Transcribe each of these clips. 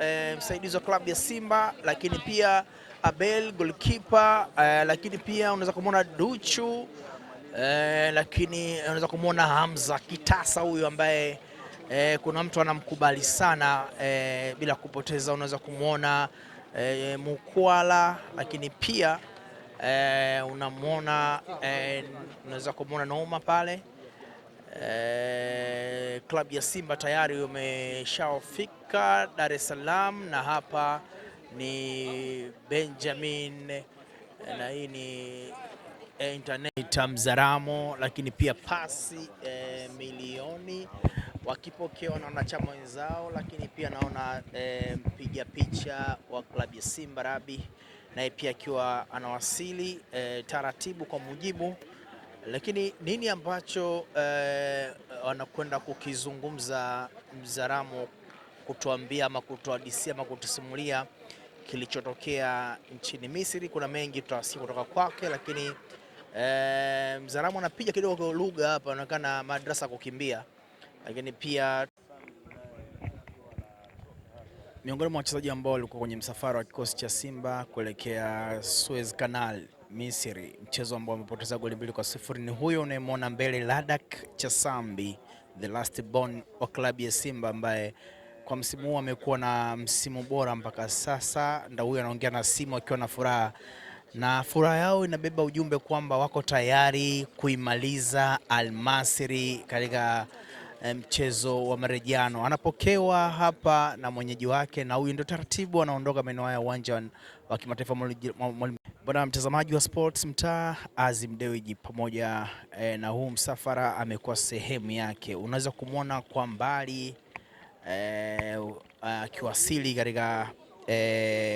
e, msaidizi wa klabu ya Simba, lakini pia Abel goalkeeper e, lakini pia unaweza kumwona Duchu e, lakini unaweza kumwona Hamza Kitasa huyu ambaye e, kuna mtu anamkubali sana e, bila kupoteza, unaweza kumwona e, Mukwala lakini pia e, unamwona e, unaweza kumwona Noma pale klabu eh, ya Simba tayari umeshafika Dar es Salaam na hapa ni Benjamin eh, na hii ni eh, internet Tamzaramo, lakini pia pasi e, milioni wakipokewa na wanachama wenzao, lakini pia naona e, mpiga picha wa klabu ya Simba Rabi naye pia akiwa anawasili e, taratibu kwa mujibu lakini nini ambacho eh, wanakwenda kukizungumza Mzaramo kutuambia ama kutuhadisia ama kutusimulia kilichotokea nchini Misri? Kuna mengi tutawasikia kutoka kwake, lakini eh, Mzaramo anapiga kidogo lugha hapa, anaonekana madrasa kukimbia, lakini pia miongoni mwa wachezaji ambao walikuwa kwenye msafara wa kikosi cha Simba kuelekea Suez Canal Misri, mchezo ambao amepoteza goli mbili kwa sifuri ni huyo unayemwona mbele, Ladak Chasambi the last born wa klabu ya Simba ambaye kwa msimu huu amekuwa na msimu bora mpaka sasa. Ndio huyo anaongea na simu akiwa na furaha, na furaha yao inabeba ujumbe kwamba wako tayari kuimaliza Al katika Eh, mchezo wa marejiano anapokewa hapa na mwenyeji wake, na huyu ndio taratibu anaondoka maeneo haya uwanja wa kimataifa Bwana mtazamaji wa Sports Mtaa, Azim Dewji pamoja eh, na huu msafara amekuwa sehemu yake, unaweza kumwona kwa mbali eh, akiwasili eh, katika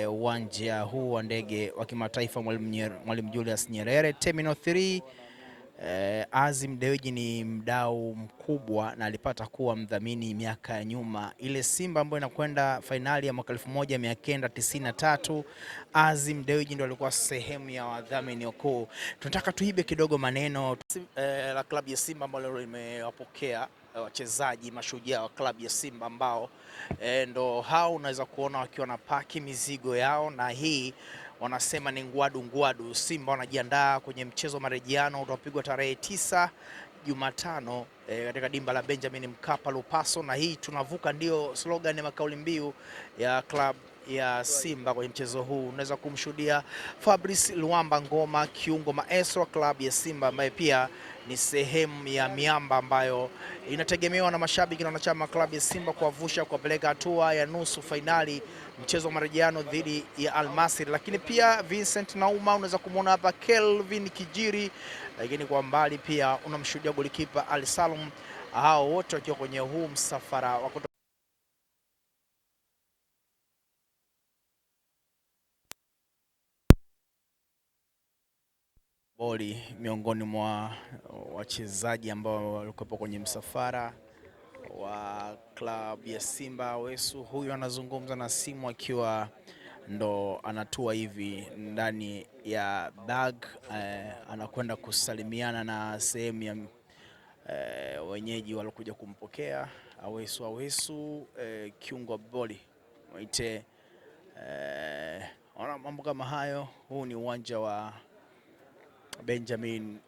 uwanja eh, huu wa ndege wa kimataifa Mwalimu Julius Nyerere Terminal 3 Eh, Azim Dewji ni mdau mkubwa na alipata kuwa mdhamini miaka ya nyuma. Ile Simba ambayo inakwenda fainali ya mwaka 1993 Azim Dewji ndo alikuwa sehemu ya wadhamini wakuu. Tunataka tuibe kidogo maneno eh, la klabu ya Simba ambalo limewapokea Eh, wachezaji mashujaa wa klabu ya Simba ambao e, ndo hao unaweza kuona wakiwa na paki mizigo yao, na hii wanasema ni ngwadu ngwadu. Simba wanajiandaa kwenye mchezo wa marejiano utapigwa tarehe tisa Jumatano e, katika dimba la Benjamin Mkapa Lupaso, na hii tunavuka ndio slogan ya makauli mbiu ya klabu ya Simba kwenye mchezo huu. Unaweza kumshuhudia Fabrice Luamba Ngoma, kiungo maestro wa klabu ya Simba ambaye pia ni sehemu ya miamba ambayo inategemewa na mashabiki na wanachama klabu ya Simba kuwavusha kuwapeleka hatua ya nusu fainali, mchezo wa marejeano dhidi ya Almasiri. Lakini pia Vincent Nauma unaweza kumwona hapa, Kelvin Kijiri, lakini kwa mbali pia unamshuhudia golikipa Ali Salum, hao wote wakiwa kwenye huu msafara wa boli miongoni mwa wachezaji ambao walikuwepo kwenye msafara wa klabu ya Simba. Wesu huyu anazungumza na simu akiwa ndo anatua hivi ndani ya bag eh, anakwenda kusalimiana na sehemu ya eh, wenyeji walokuja kumpokea Awesu. Awesu eh, kiungo boli mwite eh, ona mambo kama hayo. Huu ni uwanja wa Benjamin